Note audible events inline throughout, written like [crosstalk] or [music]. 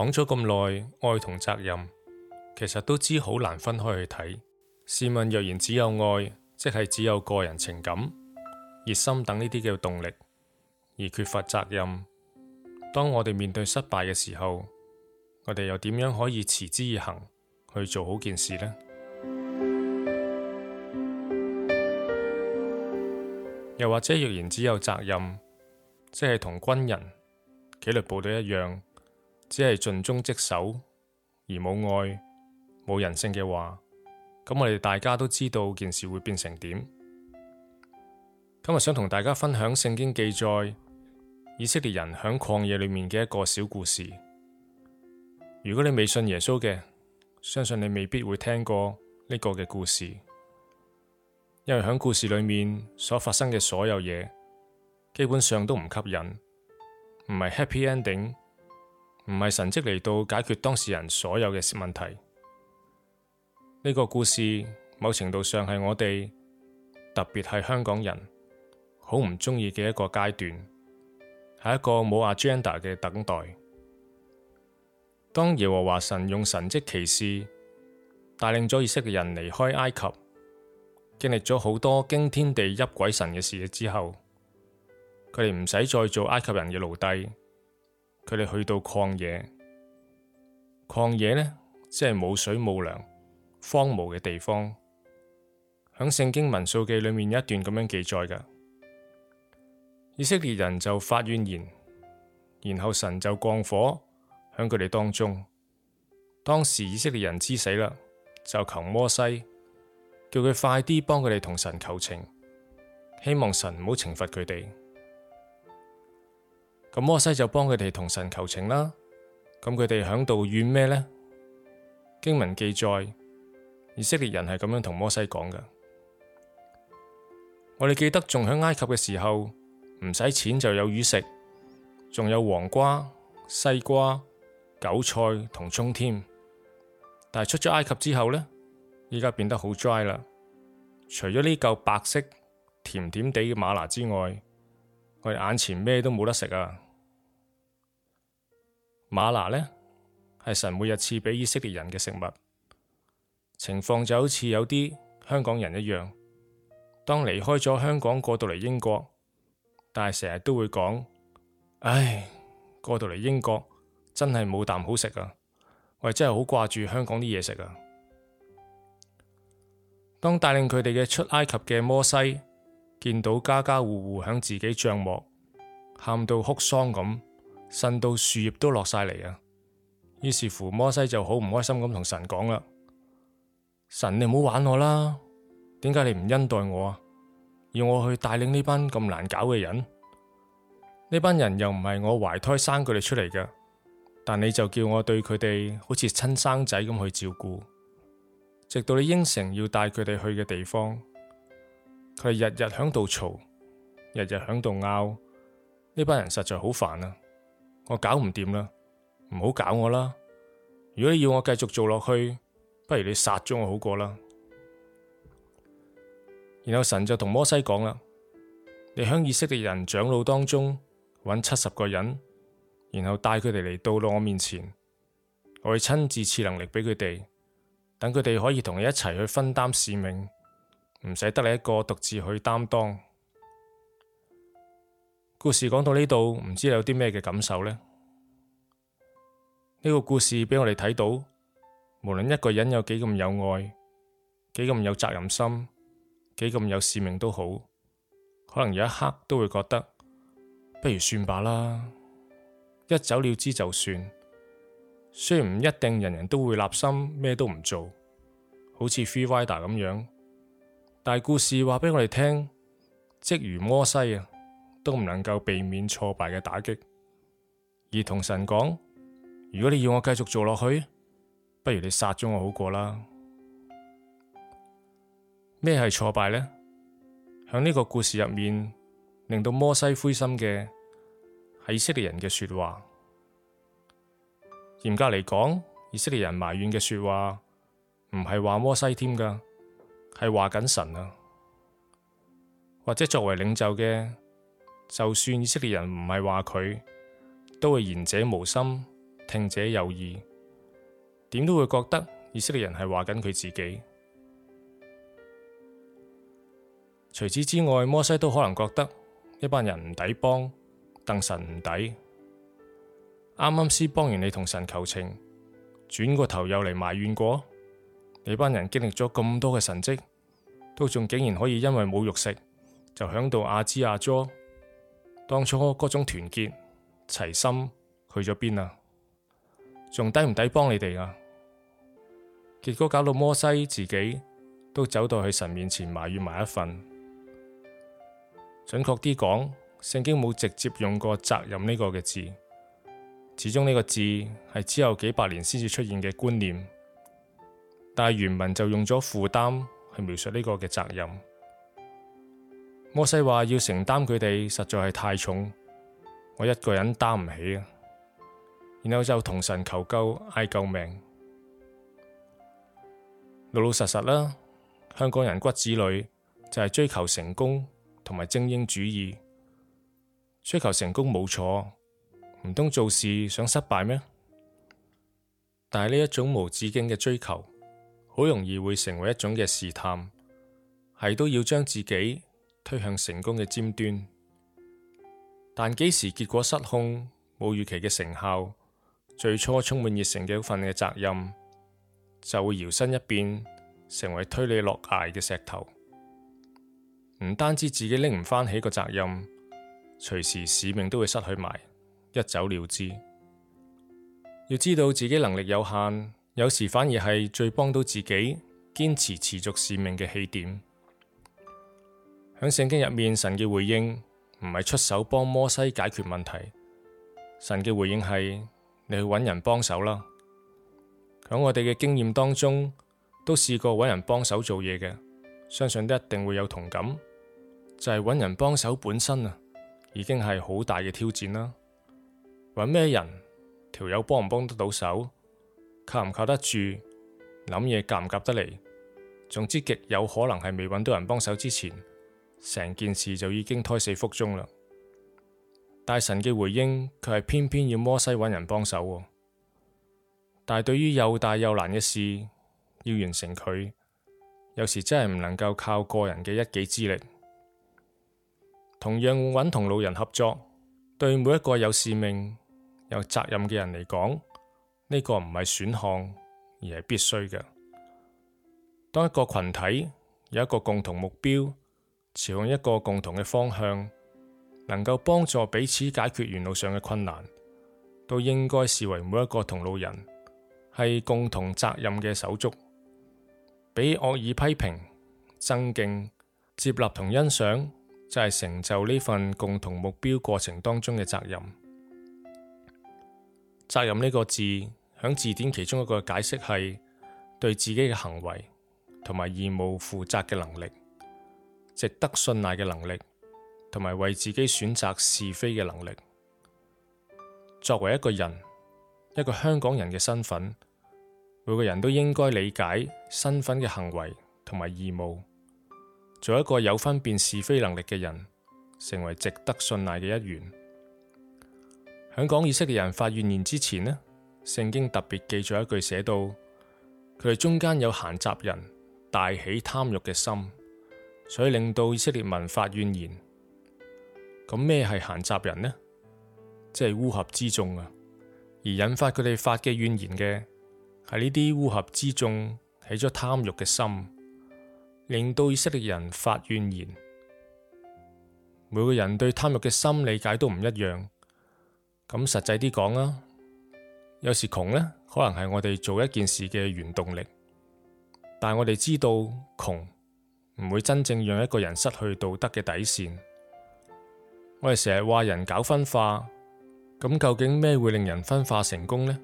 講咗咁耐，愛同責任其實都知好難分開去睇。試問，若然只有愛，即係只有個人情感、熱心等呢啲嘅動力，而缺乏責任，當我哋面對失敗嘅時候，我哋又點樣可以持之以恆去做好件事呢？又或者，若然只有責任，即係同軍人、紀律部隊一樣。只係盡忠職守而冇愛冇人性嘅話，咁我哋大家都知道件事會變成點。今日想同大家分享聖經記載以色列人響曠野裏面嘅一個小故事。如果你未信耶穌嘅，相信你未必會聽過呢個嘅故事，因為響故事裏面所發生嘅所有嘢，基本上都唔吸引，唔係 happy ending。唔係神蹟嚟到解決當事人所有嘅問題。呢、這個故事某程度上係我哋，特別係香港人，好唔中意嘅一個階段，係一個冇 agenda 嘅等待。當耶和華神用神蹟奇事帶領咗以色列嘅人離開埃及，經歷咗好多驚天地泣鬼神嘅事之後，佢哋唔使再做埃及人嘅奴隸。佢哋去到曠野，曠野呢，即係冇水冇糧、荒蕪嘅地方。響聖經民數記裏面有一段咁樣記載噶，以色列人就發怨言，然後神就降火響佢哋當中。當時以色列人知死啦，就求摩西，叫佢快啲幫佢哋同神求情，希望神唔好懲罰佢哋。咁摩西就幫佢哋同神求情啦。咁佢哋響度怨咩呢？經文記載，以色列人係咁樣同摩西講嘅。我哋記得仲響埃及嘅時候，唔使錢就有魚食，仲有黃瓜、西瓜、韭菜同蔥添。但係出咗埃及之後呢，而家變得好 dry 啦。除咗呢嚿白色、甜甜地嘅馬拿之外，我哋眼前咩都冇得食啊！馬拿呢，係神每日賜俾以色列人嘅食物，情況就好似有啲香港人一樣，當離開咗香港過到嚟英國，但係成日都會講，唉，過到嚟英國真係冇啖好食啊，我真係好掛住香港啲嘢食啊。當帶領佢哋嘅出埃及嘅摩西見到家家戶戶響自己帳幕喊到哭喪咁。神到樹葉都落晒嚟啊！於是乎摩西就好唔開心咁同神講啦：「神，你唔好玩我啦，點解你唔恩待我啊？要我去帶領呢班咁難搞嘅人，呢 [music] 班人又唔係我懷胎生佢哋出嚟嘅，但你就叫我對佢哋好似親生仔咁去照顧，直到你應承要帶佢哋去嘅地方，佢哋日日響度嘈，日日響度拗，呢班人實在好煩啊！我搞唔掂啦，唔好搞我啦！如果你要我繼續做落去，不如你殺咗我好過啦。然後神就同摩西講啦，你向以色列人長老當中揾七十個人，然後帶佢哋嚟到我面前，我會親自賜能力俾佢哋，等佢哋可以同你一齊去分擔使命，唔使得你一個獨自去擔當。故事講到呢度，唔知你有啲咩嘅感受呢？呢個故事俾我哋睇到，無論一個人有幾咁有愛、幾咁有責任心、幾咁有使命都好，可能有一刻都會覺得不如算罷啦，一走了之就算。雖然唔一定人人都會立心咩都唔做，好似 Free Rider 咁樣，但係故事話俾我哋聽，即如摩西啊。都唔能夠避免挫敗嘅打擊，而同神講：如果你要我繼續做落去，不如你殺咗我好過啦。咩係挫敗呢？響呢個故事入面，令到摩西灰心嘅係以色列人嘅說話。嚴格嚟講，以色列人埋怨嘅說話唔係話摩西添噶係話緊神啊，或者作為領袖嘅。就算以色列人唔係話佢，都會言者無心，聽者有意，點都會覺得以色列人係話緊佢自己。除此之外，摩西都可能覺得一班人唔抵幫，鄧神唔抵。啱啱先幫完你同神求情，轉個頭又嚟埋怨過你班人經歷咗咁多嘅神蹟，都仲竟然可以因為冇肉食就響度阿吱阿咗。當初各種團結齊心去咗邊啦？仲抵唔抵幫你哋啊？結果搞到摩西自己都走到去神面前埋怨埋一份。準確啲講，聖經冇直接用過責任呢個嘅字，始終呢個字係之後幾百年先至出現嘅觀念。但係原文就用咗負擔去描述呢個嘅責任。摩西話要承擔佢哋實在係太重，我一個人擔唔起啊！然後就同神求救，嗌救命。老老實實啦，香港人骨子裏就係追求成功同埋精英主義。追求成功冇錯，唔通做事想失敗咩？但係呢一種無止境嘅追求，好容易會成為一種嘅試探，係都要將自己。推向成功嘅尖端，但幾時結果失控，冇預期嘅成效，最初充滿熱誠嘅一份嘅責任，就會搖身一變成為推你落崖嘅石頭。唔單止自己拎唔翻起個責任，隨時使命都會失去埋，一走了之。要知道自己能力有限，有時反而係最幫到自己堅持持續使命嘅起點。喺聖經入面，神嘅回應唔係出手幫摩西解決問題。神嘅回應係你去揾人幫手啦。喺我哋嘅經驗當中，都試過揾人幫手做嘢嘅，相信都一定會有同感。就係揾人幫手本身啊，已經係好大嘅挑戰啦。揾咩人？條友幫唔幫得到手？靠唔靠得住？諗嘢夾唔夾得嚟？總之極有可能係未揾到人幫手之前。成件事就已經胎死腹中啦。大神嘅回應，佢係偏偏要摩西揾人幫手。但係對於又大又難嘅事，要完成佢，有時真係唔能夠靠個人嘅一己之力。同樣揾同路人合作，對每一個有使命、有責任嘅人嚟講，呢個唔係選項，而係必須嘅。當一個群體有一個共同目標。朝向一個共同嘅方向，能夠幫助彼此解決原路上嘅困難，都應該視為每一個同路人係共同責任嘅手足。俾惡意批評、尊敬、接納同欣賞，就係、是、成就呢份共同目標過程當中嘅責任。責任呢個字響字典其中一個解釋係對自己嘅行為同埋義務負責嘅能力。值得信賴嘅能力，同埋為自己選擇是非嘅能力。作為一個人，一個香港人嘅身份，每個人都應該理解身份嘅行為同埋義務。做一個有分辨是非能力嘅人，成為值得信賴嘅一員。喺講以色列人發怨言之前呢，聖經特別記咗一句寫到：佢哋中間有閒雜人，大起貪欲嘅心。所以令到以色列民發怨言。咁咩係閒雜人呢？即係烏合之眾啊！而引發佢哋發嘅怨言嘅係呢啲烏合之眾起咗貪欲嘅心，令到以色列人發怨言。每個人對貪欲嘅心理解都唔一樣。咁實際啲講啊，有時窮呢，可能係我哋做一件事嘅原動力，但係我哋知道窮。窮唔會真正讓一個人失去道德嘅底線。我哋成日話人搞分化，咁究竟咩會令人分化成功呢？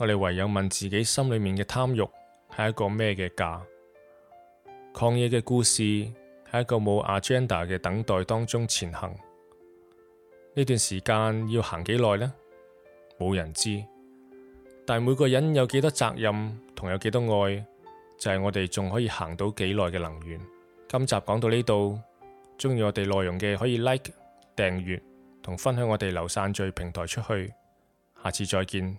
我哋唯有問自己心裏面嘅貪欲係一個咩嘅價？曠野嘅故事喺一個冇 agenda 嘅等待當中前行。呢段時間要行幾耐呢？冇人知。但係每個人有幾多責任同有幾多愛？就係我哋仲可以行到幾耐嘅能源。今集講到呢度，鍾意我哋內容嘅可以 like、訂閱同分享我哋流散聚平台出去。下次再見。